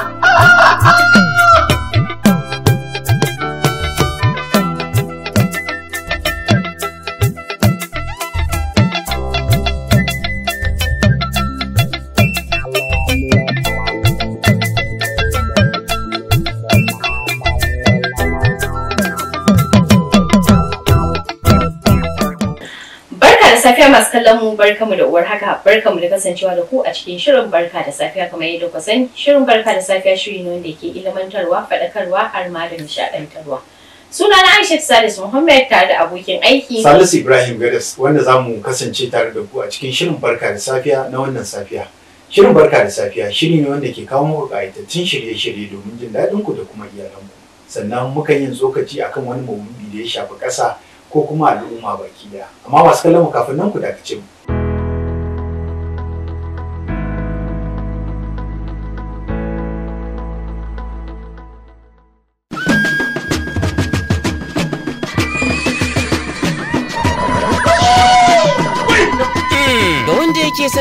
ha mu barkamu da uwar haka barka mu da kasancewa da ku a cikin shirin barka da safiya kamar yadda ku sani shirin barka da safiya shiri ne wanda ke ilmantarwa faɗakarwa har ma da nishaɗantarwa suna na Aisha Salisu Muhammad tare da abokin aiki Salisu Ibrahim Gadas wanda za mu kasance tare da ku a cikin shirin barka da safiya na wannan safiya shirin barka da safiya shiri ne wanda ke kawo muku ƙayatattun shirye-shirye domin jin daɗin ku da kuma iyalanku sannan mukan yin tsokaci akan wani maudu'i da ya shafi ƙasa ko kuma al'umma baki daya amma wasu kallon kafin nan ku dakace mu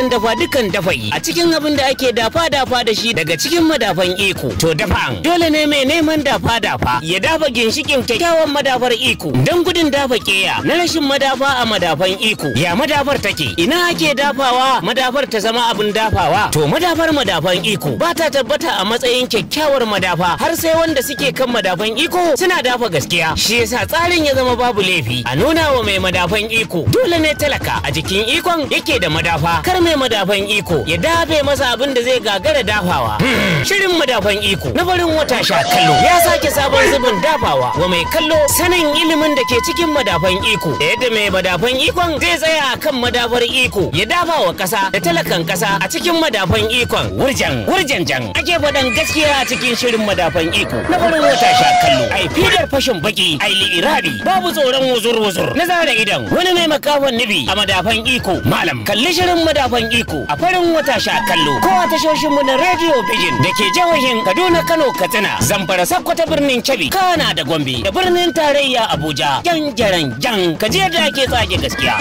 wajen dafa dukan dafayi a cikin abin da ake dafa dafa da shi daga cikin madafan iko to dafa dole ne mai neman dafa dafa ya dafa ginshikin kyakkyawan madafar iko don gudun dafa keya na rashin madafa a madafan iko ya madafar take ina ake dafawa madafar ta zama abin dafawa to madafar madafan iko ba ta tabbata a matsayin kyakkyawar madafa har sai wanda suke kan madafan iko suna dafa gaskiya shi yasa tsarin ya zama babu laifi a nuna wa mai madafan iko dole ne talaka a jikin ikon yake da madafa kar mai mai madafan iko ya dafe masa abin da zai gagara dafawa shirin madafan iko na barin wata sha kallo ya sake sabon zubin dafawa wa mai kallo sanin ilimin da ke cikin madafan iko da yadda mai madafan ikon zai tsaya a kan madafar iko ya dafa wa kasa da talakan kasa a cikin madafan ikon wurjan wurjan jan ake faɗan gaskiya a cikin shirin madafan iko na barin wata sha kallo ai fidar fashin baki ai li'irari babu tsoron wuzur wuzur na zara idan wani mai makafan nibi a madafan iko malam kalli shirin madafan sabon iko a farin wata sha kallo ko a tashoshinmu na Radio Vision da ke jihohin Kaduna Kano Katsina Zamfara Sokoto birnin Kebbi Kana da Gombe da birnin tarayya Abuja jan jaran jan ka je da ake tsage gaskiya.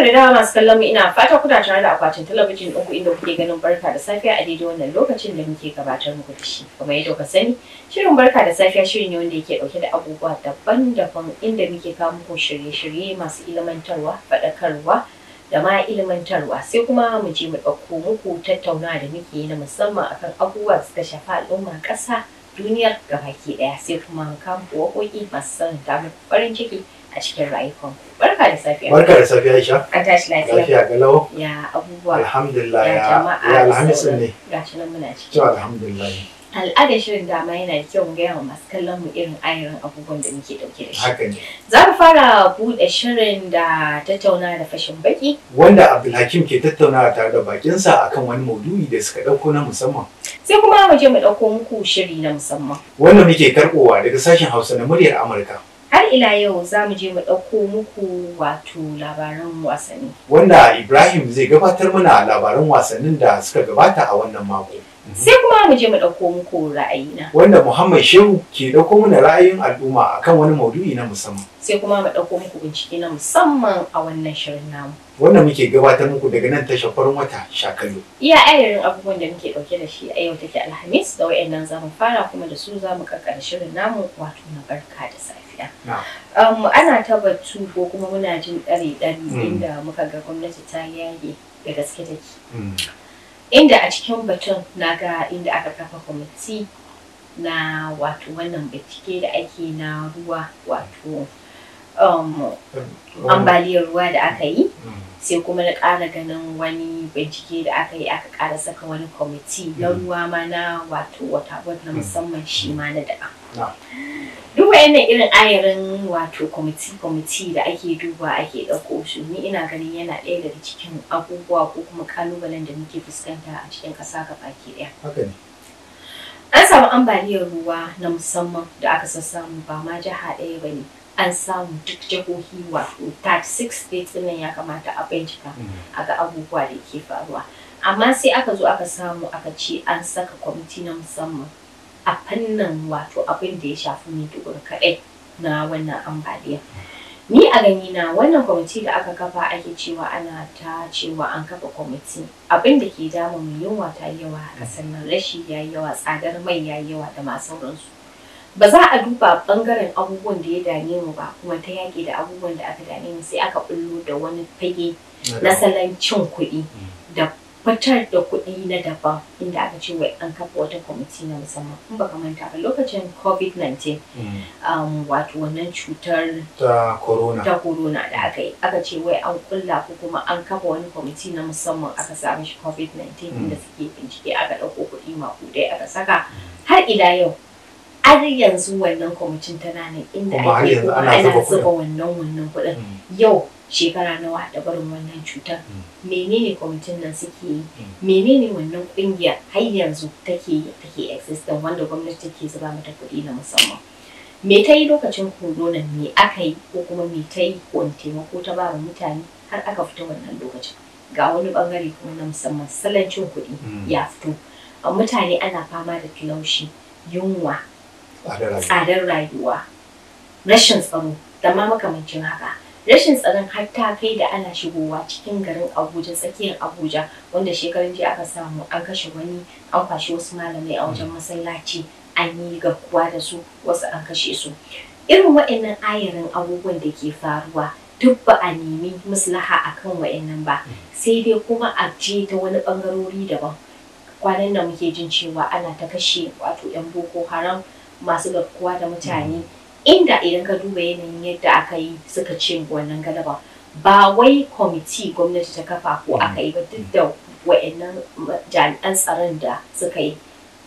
barka da dawa masu kallon mu ina fata kuna tare da akwatin talabijin ɗinku inda kuke ganin barka da safiya a daidai wannan lokacin da muke gabatar muku da shi. Kamar yadda ka sani, shirin barka da safiya shirin ne wanda yake ɗauke da abubuwa daban-daban inda muke kawo muku shirye-shirye masu ilmantarwa, faɗakarwa, da ma ilmantarwa sai kuma mu je mu ɗauko muku tattaunawa da muke yi na musamman akan abubuwa da suka shafi al'umma ƙasa duniyar gabaki ɗaya sai kuma mu kawo waƙoƙi masu sanin damar farin ciki a cikin rayuwar barka da safiya barka da safiya Aisha an tashi lafiya lafiya galau ya abubuwa alhamdulillah ya jama'a ya alhamis ne gashi nan muna ciki alhamdulillah shirin dama yana da kyau mu gaya wa masu kallon mu irin ayarin abubuwan da muke dauke da shi haka ne za mu fara buɗe shirin da tattauna da fashin baki wanda Abdulhakim ke tattaunawa tare da bakinsa akan wani maudu'i da suka dauko na musamman sai kuma mu je mu dauko muku shiri na musamman wanda muke karɓowa daga sashen Hausa na muryar Amurka har ila yau za mu je mu ɗauko muku wato labaran wasanni. Wanda Ibrahim zai gabatar mana labaran wasannin da suka gabata a wannan mako. Sai kuma mu je mu ɗauko muku ra'ayina. Wanda Muhammad Shehu ke ɗauko mana ra'ayin al'umma akan wani maudu'i na musamman. Sai kuma mu ɗauko muku bincike na musamman a wannan shirin namu. Wannan muke gabatar muku daga nan tashar farin wata shakalo. Iya ayarin abubuwan da muke ɗauke da shi a yau take Alhamis da wayannan za mu fara kuma da su zamu mu shirin namu wato na barka da safe. Um, ana ta batu ko kuma muna jin ɗari ɗari mm. inda muka ga gwamnati ta yage da gaske take mm. inda a cikin batun na ga inda aka kafa kwamiti na wato wannan bincike da ake na ruwa wato Um, ambaliyar ruwa da aka yi mm. sai kuma na ƙara ganin wani bincike da aka yi aka ƙara saka wani kwamiti na mm. ruwa ma na wato wata na mm. musamman shi ma na daban Duba yana irin ayarin wato kwamiti kwamiti da ake duba ake ɗauko su ni ina ganin yana ɗaya daga cikin abubuwa ko kuma kalubalen da muke fuskanta a cikin ƙasa ga baki ɗaya an samu ambaliyar ruwa na musamman da aka sassamu ba ma jiha ɗaya ba ne an samu duk jihohi wato 36 states ya kamata a bincika mm. a ga abubuwa da ke faruwa amma sai aka zo aka samu aka ce an saka kwamiti na musamman a fannin wato abin da ya shafi maiduguri kaɗai na wannan ambaliya ni a gani na wannan kwamiti da aka kafa ake cewa ana ta cewa an kafa kwamiti abin da ke damu mu yunwa ta yawa a ƙasar nan rashi ya yawa tsadar mai ya yawa da ma sauransu ba za a duba bangaren abubuwan da ya dame mu ba kuma ta yaƙi da abubuwan da aka dame mu sai aka bullo da wani fage na salon cin kuɗi mm. da fitar da kuɗi na daban inda aka ce wai an kafa wata kwamiti na musamman in baka manta ba lokacin covid-19 mm. um, wato wannan cutar ta corona da aka yi aka ce wai an kulla ko kuma an kafa wani kwamiti na musamman aka samu shi covid-19 mm. inda suke bincike aka ɗauko kuɗi maƙudai aka saka har ila yau har yanzu wannan kwamitin tana ne inda ake ana zuba wannan wannan kuɗin mm. yau shekara nawa da barin wannan cutar mm. menene kwamitin nan suke yi mm. menene wannan ƙungiya har yanzu take take existent wanda gwamnati take zuba mata kuɗi na musamman me ta yi lokacin corona me aka yi ko kuma me ta yi wani taimako ta ba mutane har aka fita wannan lokacin ga wani bangare kuma na musamman salancin kuɗi ya fito mutane ana fama da filaushi yunwa tsadar rayuwa rashin tsaro da ma makamancin haka rashin tsaron har ta kai da ana shigowa cikin garin abuja tsakiyar abuja wanda shekarun jiya aka samu an kashe wani an kwashe wasu malamai a wajen mm. masallaci an yi garkuwa da su wasu an kashe su irin waɗannan ayarin abubuwan da ke faruwa duk ba a nemi maslaha kan waɗannan ba mm. sai dai kuma a je ta wani ɓangarori daban kwanan da muke jin cewa ana ta kashe wato 'yan boko haram masu garkuwa da mutane inda idan ka duba yanayin yadda aka yi suka ce wannan galaba ba wai kwamiti gwamnati ta kafa ko aka yi ba duk da wa'annan jami'an tsaron da suka yi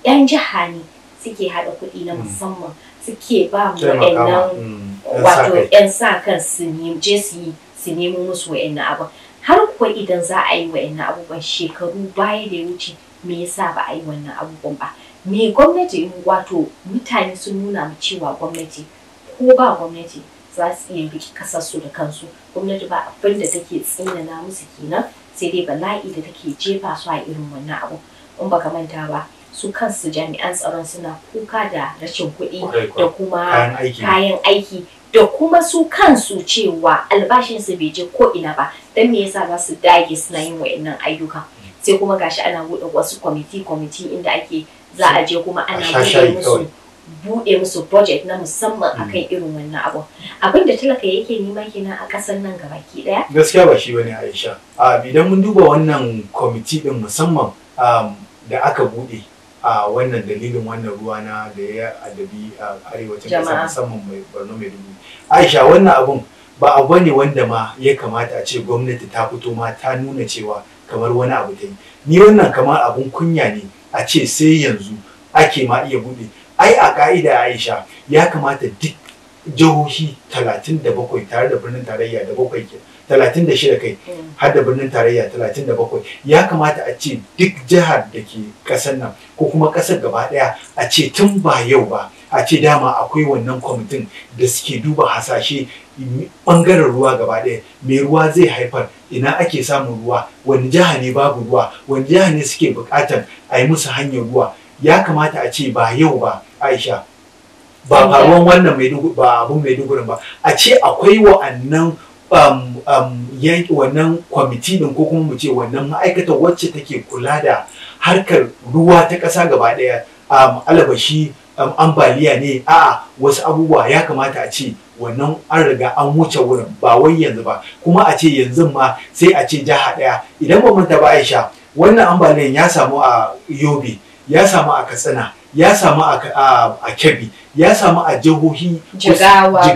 yan jiha ne suke haɗa kuɗi na hmm. musamman suke ba wa'annan hmm, wato yan sa kan su je su yi su nemo musu wa'annan abin har kuwa idan za a yi wa'annan abubuwan shekaru baya da ya wuce me yasa ba a yi wannan abubuwan ba me gwamnati wato mutane sun nuna mu cewa gwamnati ko ba gwamnati za su iya biki kasarsu da kansu gwamnati ba abin da take tsinana musu kenan sai dai bala'i da take jefa su a irin wannan abu in baka manta ba su kansu jami'an tsaron suna kuka da rashin kuɗi da kuma kayan aiki da kuma su kansu cewa albashinsu bai je ko ina ba dan me yasa za su dage suna yin wa'annan ayyuka sai kuma gashi ana buɗe wasu kwamiti kwamiti inda ake za a je kuma ana buɗe musu budget na musamman hmm. akan irin wannan abu abin da talaka yake nema kenan a ƙasar nan gabaki ɗaya gaskiya ba shi bane Aisha idan mun duba wannan kwamiti din musamman um, da aka buɗe a wannan dalilin wannan ruwa na da ya adabi a arewacin ƙasa musamman mai Borno Maiduguri Aisha wannan abun ba abu ne wanda ma ya kamata a ce gwamnati ta fito ma ta nuna cewa kamar wani abu ta yi ni wannan kamar abun kunya ne a ce sai yanzu ake ma iya buɗe ai a ka'ida aisha ya kamata duk jihohi 37 tare da birnin tarayya da bakwai ke 36 kai mm. har da birnin tarayya 37 ya kamata a ce duk jihar da ke ƙasar nan ko kuma kasar gaba daya a ce tun ba yau ba a ce dama akwai wannan kwamitin da suke duba hasashe bangaren ruwa gaba ɗaya mai ruwa zai haifar ina ake samun ruwa wani jiha ne babu ruwa wani jiha ne suke buƙatar a yi musu hanyar ruwa ya kamata a ce ba yau ba aisha ba faruwan wannan ba abun dugurin ba a ce akwai wa'annan um, um, yanki wannan kwamiti din ko kuma mu ce wannan ma'aikatar wacce take kula da harkar ruwa ta ƙasa gaba ɗaya um, alabashi ambaliya ne a wasu abubuwa ya kamata a ce wannan an riga an wuce wurin ba wai yanzu ba kuma a ce yanzu ma sai a ce jiha daya idan ba manta ba aisha wannan ambaliyan ya samu a yobe ya samu a katsina ya samu a kebbi ya samu a jihohi jigawa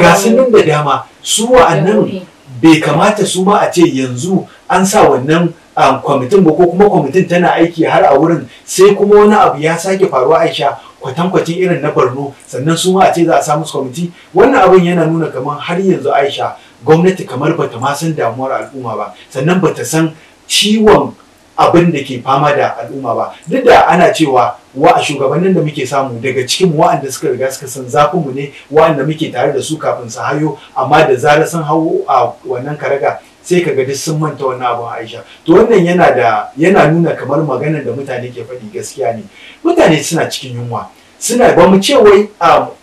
ga sunan da dama su wa'annan bai kamata su ma a ce yanzu an sa wannan kwamitin ba ko kuma kwamitin tana aiki har a wurin sai kuma wani abu ya sake faruwa aisha kwatankwacin irin na borno sannan su ma a ce za a samu kwamiti wannan abin yana nuna kamar har yanzu aisha gwamnati kamar bata ma san damuwar al'umma ba sannan bata san ciwon abin da ke fama da al'umma ba duk da ana cewa wa a shugabannin da muke samu daga cikin wa'anda suka riga suka san zafinmu ne wa'anda muke tare da su kafin su hayo amma da zarar sun hau a wannan karaga sai ka ga duk sun manta wannan abun Aisha to wannan yana da yana nuna kamar maganar da mutane ke faɗi gaskiya ne mutane suna cikin yunwa suna ba mu ce wai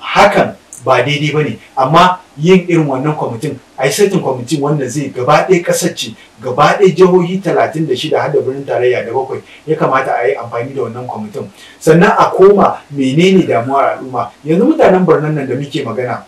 hakan ba daidai ba ne amma yin irin wannan kwamitin a yi kwamitin wanda zai gaba ɗaya ƙasar ce gaba ɗaya jihohi talatin da shida har da birnin tarayya da bakwai ya kamata a yi amfani da wannan kwamitin sannan a koma menene damuwar al'umma yanzu mutanen birnin nan da muke magana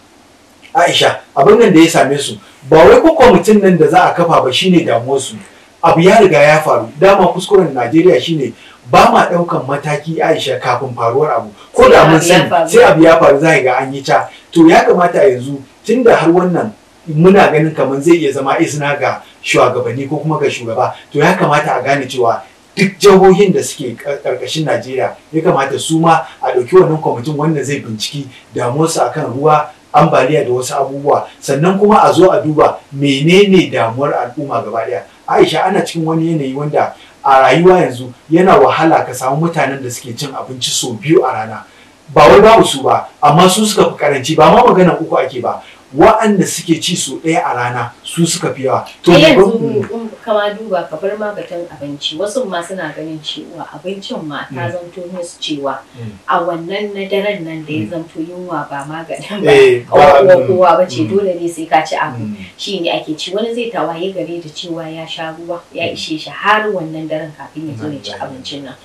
Aisha abin nan da ya same su ba wai ko kwamitin nan da za a kafa ba shine damuwar su abu ya riga ya faru dama kuskuren Najeriya shine ba ma daukan mataki Aisha kafin faruwar abu ko da mun sani sai abu ya faru za ga an yi ta to ya kamata yanzu tunda har wannan muna ganin kamar zai iya zama izina ga shugabanni ko kuma ga shugaba to ya kamata a gane cewa duk jihohin da suke karkashin Najeriya ya kamata su ma a ɗauki wannan kwamitin wanda zai binciki damuwarsu akan ruwa ambaliya da wasu abubuwa sannan kuma a zo a duba menene damuwar al'umma gaba daya aisha ana cikin wani yanayi wanda a rayuwa yanzu yana wahala ka samu mutanen da suke cin abinci sau biyu a rana ba wai babu su ba amma su suka fi karanci ba ma maganar uku ake ba wa'anda suke ci so ɗaya a rana su suka fi yawa. To yanzu kama duba ka bar ma batun abinci wasu ma suna ganin cewa abincin ma ta mm. zanto musu cewa mm. a wannan na daren nan da ya mm. zanto yunwa ba maganin ba eh, kowa ba ce dole ne sai ka ci abu shi ne ake ci wani zai tawaye gare da cewa ya sha ruwa ya ishe shi har wannan daren kafin ya zo ya ci abincin nan.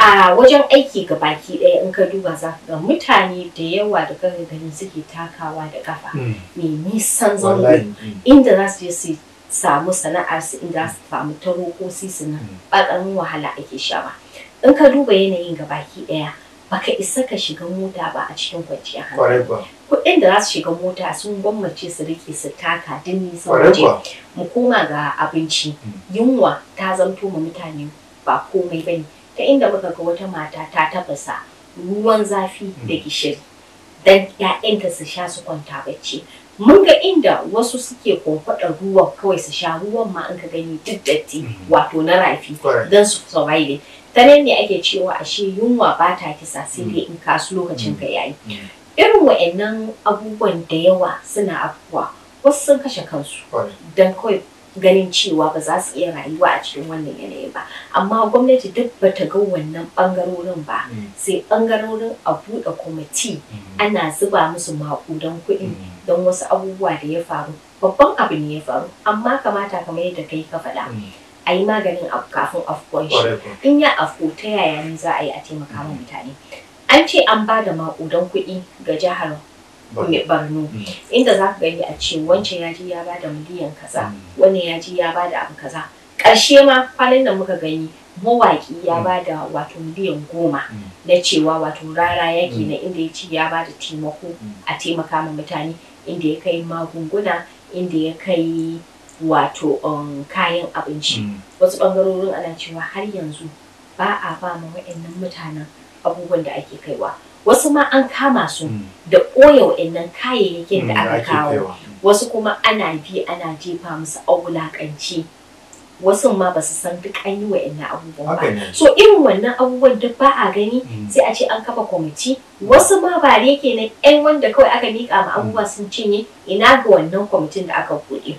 a wajen aiki ga baki ɗaya in ka duba za ga mutane da yawa da kan gani suke takawa da kafa mai hmm. nisan zaune inda za su je su samu sana'ar su inda su samu taro ko su su na ƙaramin hmm. wahala ake sha ba in ka duba yanayin ga baki ɗaya baka isa ka shiga mota ba a cikin kwanciyar hankali kuɗin da za su shiga mota sun gwammace su rike su taka din nisan waje mu koma ga abinci hmm. yunwa ta zamto ma mutane ba komai bane ta inda muka ga wata mata ta tafasa ruwan zafi da gishiri don ‘ya'yanta su sha su kwanta bacci mun ga inda wasu suke kwankwaɗa ruwa kawai su sha ruwan ma an ka gani duk datti mhm. wato na rafi don su survive ta nan ne ake cewa ashe yunwa ba ta kisa sai dai in ka su lokacin ka yayi mm. Mm. irin wa'annan abubuwan da yawa suna afkuwa, wasu sun kashe kansu don kawai ganin cewa ba za su iya rayuwa a cikin wannan yanayi ba amma gwamnati duk ba ta ga wannan bangarorin ba mm. sai bangarorin a buɗe kwamiti mm-hmm. ana zuba musu maƙudan kuɗi mm-hmm. don wasu abubuwa da ya faru babban abu ne ya faru amma kamata kamar yadda kai ka faɗa mm. a yi maganin abu kafin afkon shi in ya afko ta yaya ne za a yi a taimaka mm-hmm. mutane an ce an ba da maƙudan kuɗi ga jihar barno mm. inda za ka gani a ce wancan ya ji ya bada miliyan kaza mm. wannan ya ji ya bada abu kaza ƙarshe ma kwanan da muka gani mawaƙi ya mm. bada wato miliyan goma na cewa wato rara yake na inda ya ce ya bada taimako a taimaka ma mutane inda ya kai magunguna inda ya kai wato um, kayan abinci wasu bangarorin ana cewa har yanzu ba a ba ma waɗannan mutanen abubuwan da ake kaiwa wasu ma an kama su mm. da ɓoye wa'annan kayayyakin da mm, aka kawo wasu kuma ana bi ana jefa musu aulakanci wasu ma ba su san duk an yi wa'annan abubuwan ba so irin wannan abubuwan duk ba a gani mm. sai a ce an kafa kwamiti wasu ma ba yake na yan wanda kawai aka mika ma abubuwa sun cinye ina ga wannan kwamitin da aka buɗe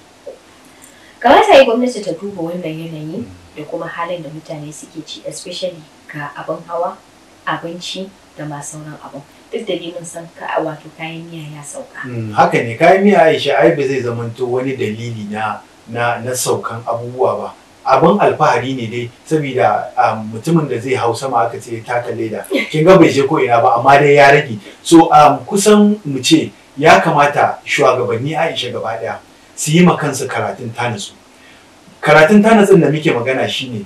kamata yi gwamnati ta duba wannan yanayi da kuma halin da mutane suke ci especially ga abin hawa abinci da ma sauran abu duk da mun san ka a wato kayan miya ya sauka mm. haka ne kayan miya Aisha ai ba zai zamanto wani dalili na na na saukan abubuwa ba abin alfahari ne dai saboda um, mutumin da zai hau sama aka ce taka leda kin ga bai je ko ina ba amma dai ya rage so um, kusan mu ce ya kamata shugabanni Aisha gaba daya su yi ma kansu karatun tanasu karatun tanatsin da muke magana shine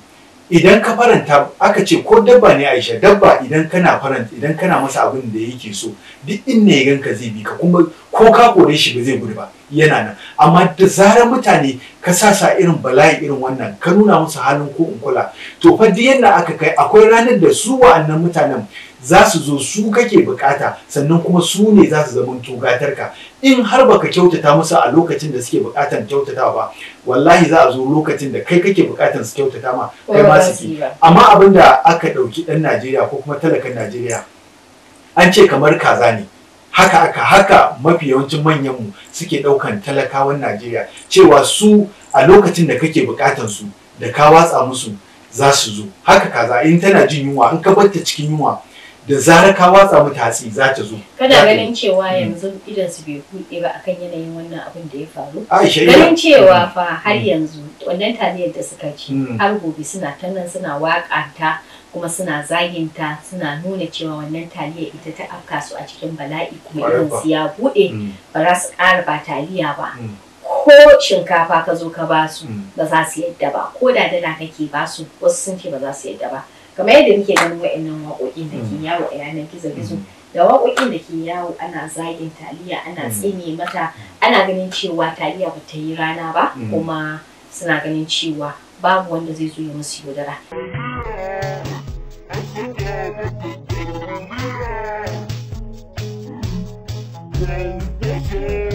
idan ka faranta aka ce ko dabba ne Aisha dabba idan kana faranta idan kana masa abin da yake so duk inda ya ganka zai bi ka kuma ko ka kore shi ba zai gudu ba yana nan amma da zarar mutane ka sasa irin bala'i irin wannan ka nuna musu halin ko in kula to fa duk yanda aka kai akwai ranar da su wa'annan mutanen za su zo su kake bukata sannan kuma su ne za su zama tugatarka in har baka kyautata musu a lokacin da suke bukatan kyautata ba wallahi za a zo lokacin da kai kake bukatan su kyautata ma kai ma su ki amma abin da aka ɗauki ɗan Najeriya ko kuma talakan Najeriya an ce kamar kaza ne haka aka haka mafi yawancin manyan mu suke ɗaukan talakawan Najeriya cewa su a lokacin da kake bukatan su da ka watsa musu za su zo haka kaza in tana jin yunwa in ka barta cikin yunwa da zarar ka watsa mu za ta zo kana ganin cewa hmm. yanzu idan su bai kuɗe ba akan yanayin wannan abin da ya faru ganin cewa hmm. fa har hmm. yanzu wannan taliyar da suka ci har gobe suna ta suna waƙa ta kuma suna zaginta suna nuna cewa wannan taliyar ita ta afka su a cikin bala'i kuma idan su ya buɗe ba za su ƙara ba taliya ba ko shinkafa ka zo ka ba su ba za su yadda ba ko da dala kake ba su wasu sun ce ba za su yadda ba kamar yadda muke ganin wa'annan waƙoƙin da ke mm. yawo a yanar gizo gizo mm. da waƙoƙin da ke yawo ana zagin taliya ana mm. tsine mata ana ganin cewa taliya ba ta yi rana ba kuma suna ganin cewa babu wanda zai zo ya musu yaudara. Yeah.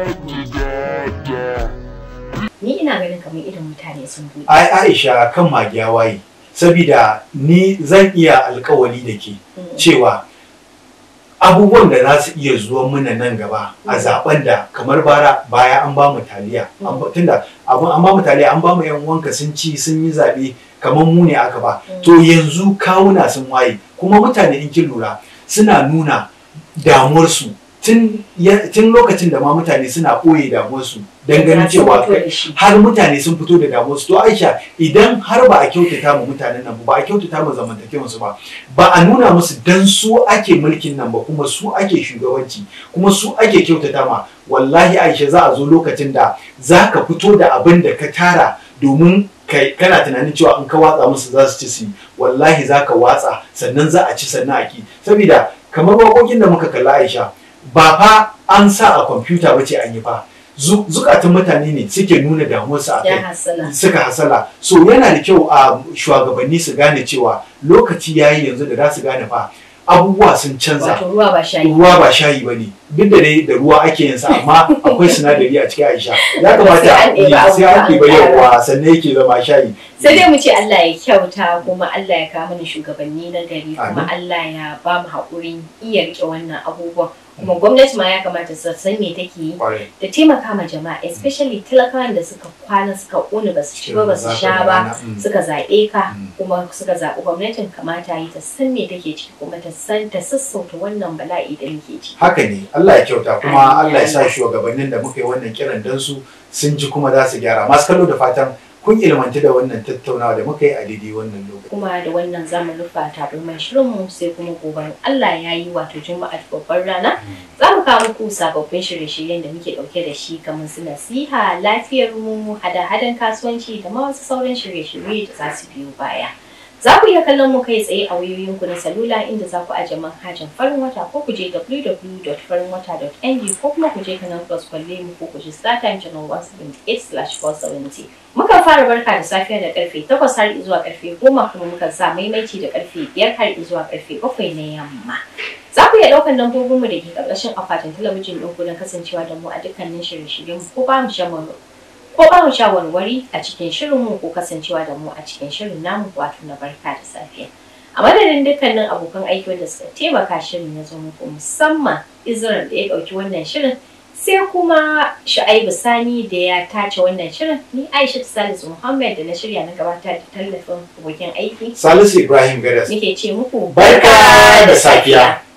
ina ganin kamar irin mutane sun buɗe. Aisha kan magiya waye. Sabida ni zan iya alkawari da ke mm. cewa abubuwan da za su iya zuwa mana nan gaba a mm. zaben da kamar bara baya an ba mu taliya mm. tunda abun an ba mu taliya an ba mu yan wanka sun ci sun yi zaɓe kamar mu ne aka ba to yanzu kawuna sun waye kuma mutane in kin lura suna nuna damuwarsu tun lokacin da ma mutane suna ɓoye damuwarsu don ganin cewa har mutane sun fito da damuwarsu to aisha idan har ba a kyautata ma mutanen nan ba a kyautata ma zamantakewarsu ba ba a nuna musu dan su ake mulkin nan ba kuma su ake shugabanci kuma su ake kyautata ma wallahi aisha za a zo lokacin da za ka fito da abin da ka tara domin kana tunanin cewa in ka watsa musu za su ci su wallahi za ka watsa sannan za a ci sannan a ki saboda kamar waƙoƙin da muka kalla aisha ba fa an sa a kwamfuta ba ce an yi ba zukatun mutane ne suke nuna damuwarsu a kai suka hasala so yana da kyau a ah, shugabanni su gane cewa lokaci yayi yanzu da za su gane fa abubuwa sun canza ruwa ba shayi ba ne duk da dai da ruwa ake yin amma akwai sinadari a cikin aisha ya kamata sai an ɗiba yau sannan yake zama shayi sai dai mu ce Allah ya kyauta kuma Allah ya kawo mani shugabanni na gari kuma Allah ya ba mu haƙurin iya rike wannan abubuwan kuma gwamnati ma ya kamata su san me take yi ta taimaka ma jama'a especially talakawan da suka kwana suka ƙone ba su ci ba su sha ba mm. suka zaɓe ka mm. kuma suka zaɓi gwamnatin kamata yi ta san me take ciki kuma ta san ta sassauta wannan bala'i da muke ciki haka ne Allah ya kyauta kuma Allah ya sa shugabannin da muka yi wannan kiran dan su sun ji kuma za su gyara masu kallo da fatan kun ilmanci da wannan tattaunawa da muka yi a daidai wannan lokaci. Kuma da wannan zamu rufa taron mai shirinmu sai kuma gobe Allah ya yi wato Juma'a babbar rana hmm. za mu kawo muku sababbin shirye-shiryen da muke ɗauke da shi kamar su nasiha, lafiyar mu, hada-hadan kasuwanci da ma wasu sauran shirye-shirye da za su biyo baya. Za ku iya kallon mu kai tsaye a wayoyinku na salula inda za ku aje manhajan farin wata ko ku je www.farinwata.ng ko kuma ku je kanal plus kwalle mu ko ku ji StarTime channel 178/470. Muka fara barka da safiya da karfe 8 har zuwa karfe 10 kuma muka sa maimaici da karfe 5 har zuwa karfe 7 na yamma. Za ku iya ɗaukan lambobinmu da ke ƙarƙashin akwatin talabijin ɗinku na kasancewa da mu a dukkanin shirye-shiryen ko ba mu shan ko ba mu warware a cikin shirinmu ko kasancewa da mu a cikin shirin namu wato na barka da safiya. A madadin dukkanin abokan aiki wanda suka taimaka shirin ya zo muku musamman Israel da ya ɗauki wannan shirin sai kuma Shu'aibu Sani da ya tace wannan shirin ni Aisha Salisu Muhammad da na shirya na gabatar da tallafin abokin aiki. Salisu Ibrahim Gadas. nake ce muku barka da safiya.